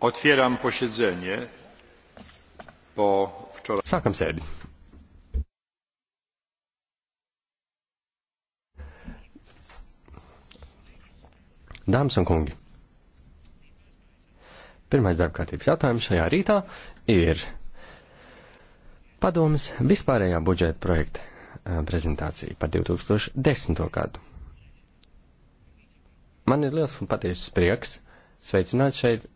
Otvieram posiedzenie po wczoraj. Sākam sēdi. Dāmas un kungi, pirmais darbkārtības jautājums šajā rītā ir padomas vispārējā budžeta projekta eh, prezentācija par 2010. gadu. Man ir liels un patiesas prieks sveicināt šeit